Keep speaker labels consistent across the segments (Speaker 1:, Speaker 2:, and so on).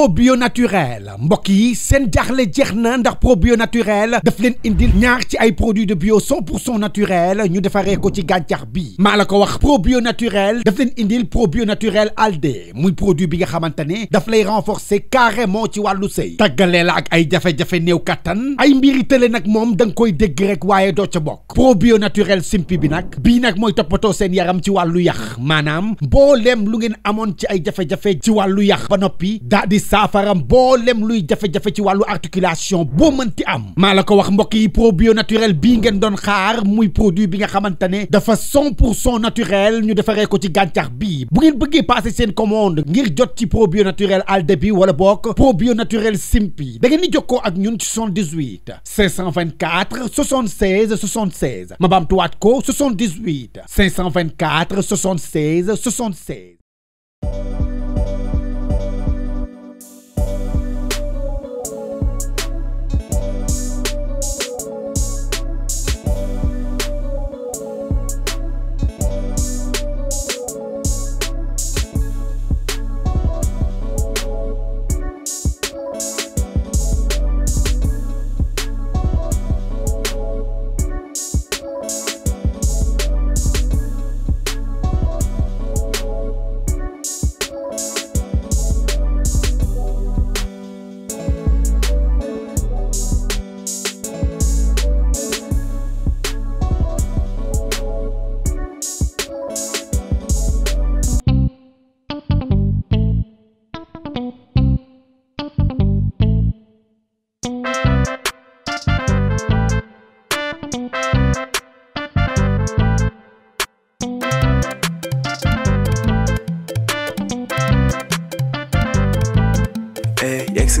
Speaker 1: probio naturel mbokk yi seen jaaxle jeex ndax probio naturel daf leen indil ñaar ci ay de bio 100 naturel ñu defaree ko ci gàncax bi wax probio naturel daf leen indil probio naturel alde muy produit bi nga xamantane daf lay renforcer carrément ci walu sey tagalé la ak ay jafé jafé new katan ay mbiri tële nag moom koy dégg rek probio naturel simpi bi nak bi nak moy yaram ci walu yax Manam. Bolem lu ngeen amone ci ay jafé jafé ci walu ba saafara mboolem luy jafé jafé ci walu articulation boo mënti am malako wax mbokk yi probio naturel bi ngeen don xaar muy produit bi nga xamantane dafa 100 pour naturel ñu defaree ko ci gàncax bi bu ngeen bëggé passer seen commande ngir jot ci probio naturel aldebi bi wala bok probio naturel simpi da ngeen di jokkoo ak ñun ci 78 524 76 76 ma baamtuwaat ko 78 524 76 76.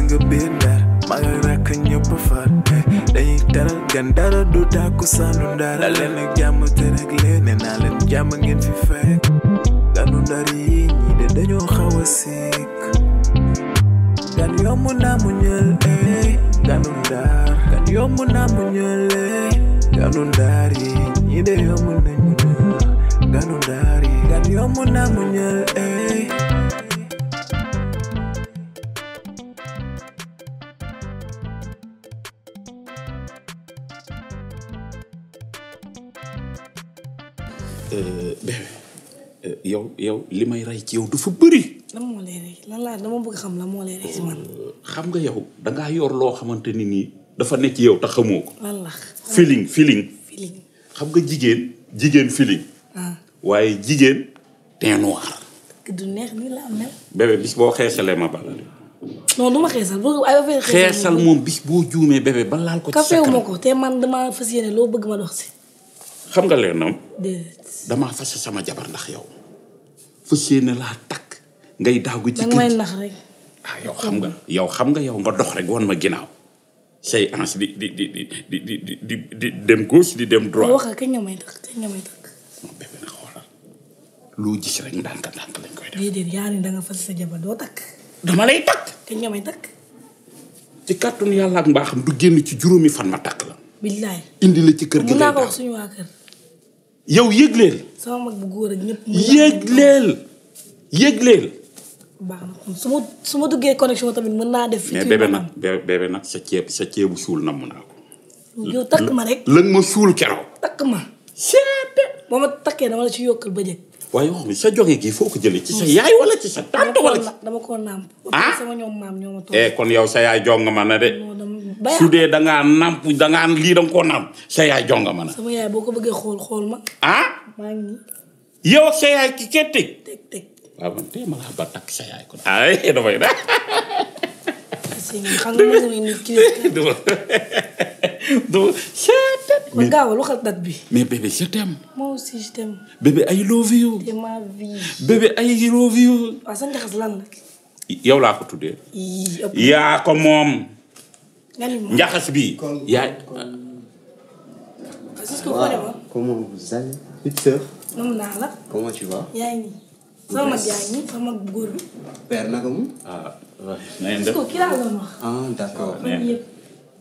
Speaker 2: si nga biir ndar maa ngi rakk ñëpp far dañuy teral gan dara du ndara leen ak jàmm te rek leen nee naa leen jàmm ngeen fi de dañoo xaw a sikk gan yomb naa mu ñël eh ganu ndar gan yomb naa mu eh ganu ndar yi de yomb nañu ganu ndar yi gan yomb naa mu eh
Speaker 3: Euh, bébé euh, yow yow li may rey ci yow dafa bëri.
Speaker 4: lan moo lay rey laa dama bëgg xam lan moo lay si man.
Speaker 3: Euh, xam nga yow da yor loo xamante ni nii dafa nekk ci yow te xamoo ko. lan la feeling feeling. feeling nga jigéen. jigéen feeling. Ah. waaye jigéen teint noir.
Speaker 4: du neex ni la mel.
Speaker 3: bébé bis boo xeesalee ma bala.
Speaker 4: non du ma xeesal boo ay xeesal moom
Speaker 3: bis boo juumee bébé ba laal ko. ci sa ma
Speaker 4: ko te man dama fas yéene loo bëgg ma dox si.
Speaker 3: xam nga leen am. dama fas sama jabar ndax yow fassiyene tak tak ngay dagu ci kër
Speaker 4: nax rek ah yow xam nga
Speaker 3: yow xam nga yow nga dox rek won ma ginaaw say ans di di di di di di di di dem gauche di dem droit waxa
Speaker 4: kañ ñamay may takk ñamay tak may takk bébé na
Speaker 3: xolal lu gis rek ndànk ndànk
Speaker 4: lañ koy def déedéet yaani da nga jabar do tak?
Speaker 3: dama lay tak?
Speaker 4: kañ ñamay tak?
Speaker 3: ci kàttun yalla ak mbaaxam du genn ci juroomi fan ma tak la
Speaker 4: billahi
Speaker 3: indi la ci kër gi la
Speaker 4: ko suñu wa kër
Speaker 3: yow yëg leel.
Speaker 4: sama mag bu góor ak ñëpp. yëg
Speaker 3: leel yëg
Speaker 4: su ma su ma duggee connexion tamit mën naa def. mais
Speaker 3: bébé nag sa ceeb sa ceebu suul namm naa ko.
Speaker 4: yow ma rek.
Speaker 3: lëg ma suul keroog.
Speaker 4: takk ma. boo takkee dama la ci yokkal ba njëkk.
Speaker 3: waaye wax mi sa joge gi foo ko jëlee ci sa iya, yaay wala ci sa tante wala
Speaker 4: dama ko namp sama ñoom maam
Speaker 3: ñoo ma eh kon yow sa yaay jonga ma na de su dee da ngaa namp da ngaa lii da nga koo namp sa yaay jonga ma na
Speaker 4: sama yaay boo ko bëggee xool ma ah maa ngi yow ak sa yaay ki kee teg teg
Speaker 3: teg man tee ma laa ba sa yaay kon ay da
Speaker 4: xam nga
Speaker 3: ki donc
Speaker 4: ma gaaw lu xal date bi.
Speaker 3: mais bébé je t'aime.
Speaker 4: moi aussi je t'aime.
Speaker 3: bébé I love you.
Speaker 4: bébé I love you. waaw sa lan la.
Speaker 3: yow laa ko tuddee. yaa ko moom. njaxas bi. yaa.
Speaker 4: waaw ah,
Speaker 3: comment vous allez. huit heures. moom naa la. comment
Speaker 5: tu vas. yaa ngi sama mag
Speaker 3: yaa ngi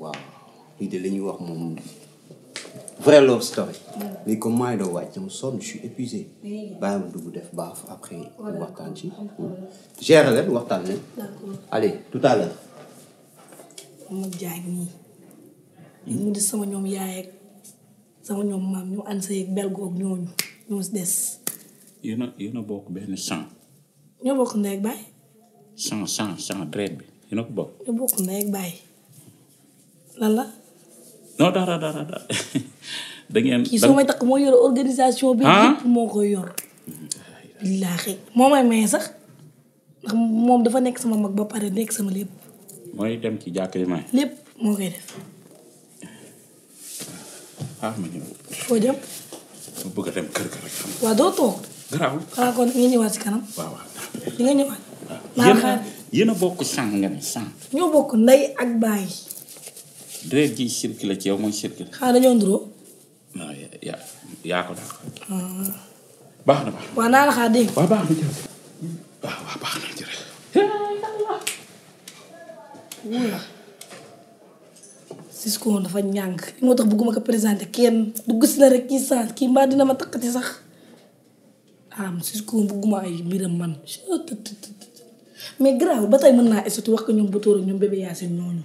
Speaker 4: waaw
Speaker 5: lii de la ñuy wax moom vrai love story. léegi comme maa ngi doon wàcc mu sonn je suis épuisé. bàyyi ma
Speaker 4: dugg def baaf après waxtaan ci.
Speaker 5: gérer leen waxtaan leen. allez tout à l'heure.
Speaker 4: mu jaag nii. mu di sama ñoom yaay ak sama ñoom maam ñu ànd sa yeeg bel goog ñooñu ñoo des.
Speaker 3: yéen a yéen a bokk benn sang.
Speaker 4: ñoo bokk ndey ak
Speaker 3: sang sang sang deret bi yéen a ko bokk.
Speaker 4: ñoo bokk ndey ak Lala?
Speaker 3: No, da, da, da, da, da. dangeen soo may
Speaker 4: takk moo yore organisation bi yëpp moo ko yor billaahi moo may sax ndax moom dafa nekk sama mag ba pare nekk sama lépp
Speaker 3: mooy ah, dem ci jàkk yi may
Speaker 4: lépp moo koy def ah ma ñëw foo dem
Speaker 3: ma bëgg a dem kër ga rek
Speaker 4: xam waaw doo toog garaaw xanaa kon nga ñëwaat si kanam waaw waaw di nga ñëwaat no xaar
Speaker 3: yéen a No sang nga ne sang
Speaker 4: ñoo bokk ndey ak bàyyi
Speaker 3: deret ji circulé ci yow mooy circulé.
Speaker 4: xanaa dañoo nduroo.
Speaker 3: non yaa ko daal. Ah. baax
Speaker 4: na naa la xaar dégg. waaw baax na dafa ñàng li moo tax bëgguma ko présenté kenn du gis na rek kii sax kii mbaa dina ma takkati sax am ah, Cisco bëgguma ay mbiram man mais grave ba tey mën naa esoti wax ko ñoom Batoore ñoom bébé ñooñu.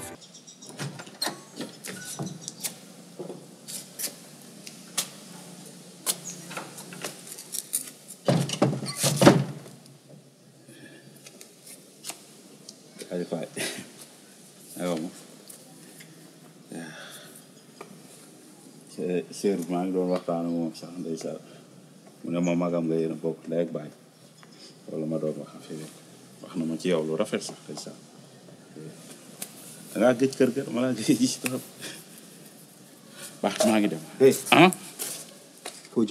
Speaker 3: adequate. waaw sër maa ngi doon waxtaan ak moom sax ndeysaan mu ne ma magam nga yéen bokk ndey ak baay loolu ma doon wax affaire wax na ma ci yow lu rafet sax ndeysaan da ngaa gëj kër ga ma laa gëj gis trop baax maa ngi dem. ah foo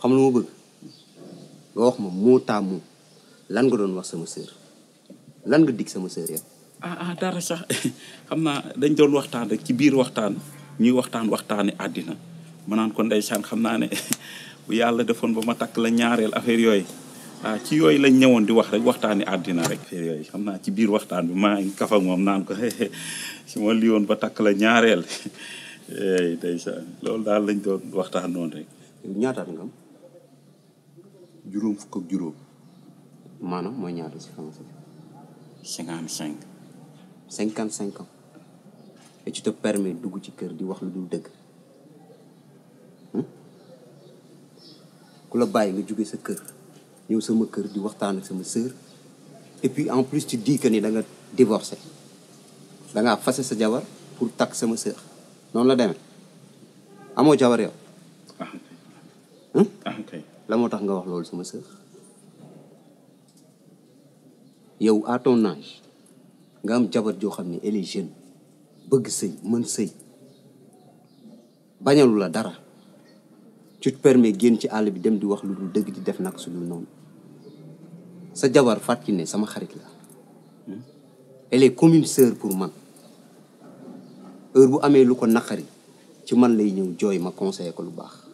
Speaker 5: xam lu ma bëgg. nga wax ma mot à
Speaker 3: lan nga doon wax sa sœur lan nga digg sama sœur yow. ah ah dara sax xam naa dañ doon waxtaan rek ci biir waxtaan ñuy waxtaan waxtaan waxtaane àddina ma naan ko ndeysaan xam naa ne yàlla defoon ba ma takk la ñaareel affaire yooyu ah, ci yooyu lañ ñëwoon di wax rek waxtaan waxtaane àddina rek. affaire yooyu xam naa ci biir waxtaan bi maa ngi kafa moom naan ko si ma lii woon ba takk la ñaareel eh, ndeysaan loolu daal lañ doon waxtaan noonu rek. juróom fukk ak juróom
Speaker 5: maanaam mooy ñaata ci français cinquante cinq cinquante cinq ans et tu te permets dugg ci kër di wax lu dul dëgg hmm? ku la bàyyi nga jóge sa kër ñëw sama kër di waxtaan ak sama sœur et puis en plus tu dis que ni da nga divorcé da nga fase sa jabar pour takk sama sœur noonu la demee amoo jabar yow la moo tax nga wax loolu sama sœur yow à ton nga am jabar joo xam ne elle est bëgg sëy mën sëy bañalu la dara tu te permets génn ci àll bi dem di wax lu dul dëgg di def nag su dul noonu sa jabar fàtki ne sama xarit la hmm? elle est comme pour man heure bu amee lu ko naqari ci man lay ñëw jooy ma conseiller ko lu baax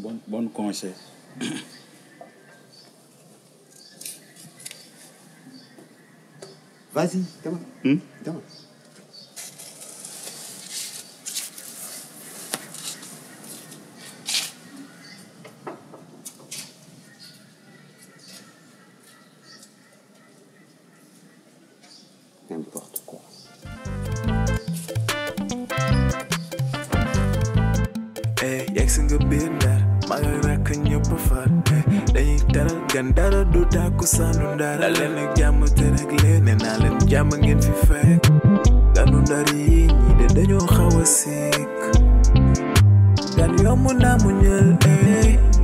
Speaker 3: bon, bon conseil. Vas-y, demain. Hmm?
Speaker 2: N'importe quoi. Hey, maa ngi nekk ñëpp far dañuy teral gan dara du tàkku saanu dara leen ak jàmm te rek leen nee naa leen jàmm de dañoo xaw a gan yomb naa mu ñël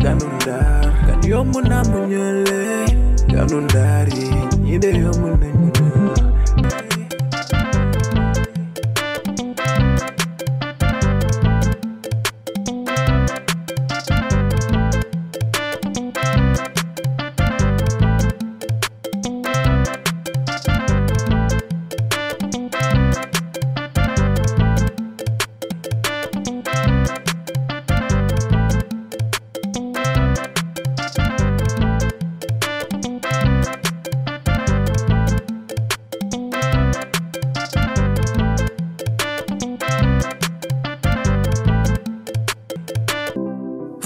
Speaker 2: ganu ndar gan yomb naa mu ñël ganu ndar yi de yomb nañu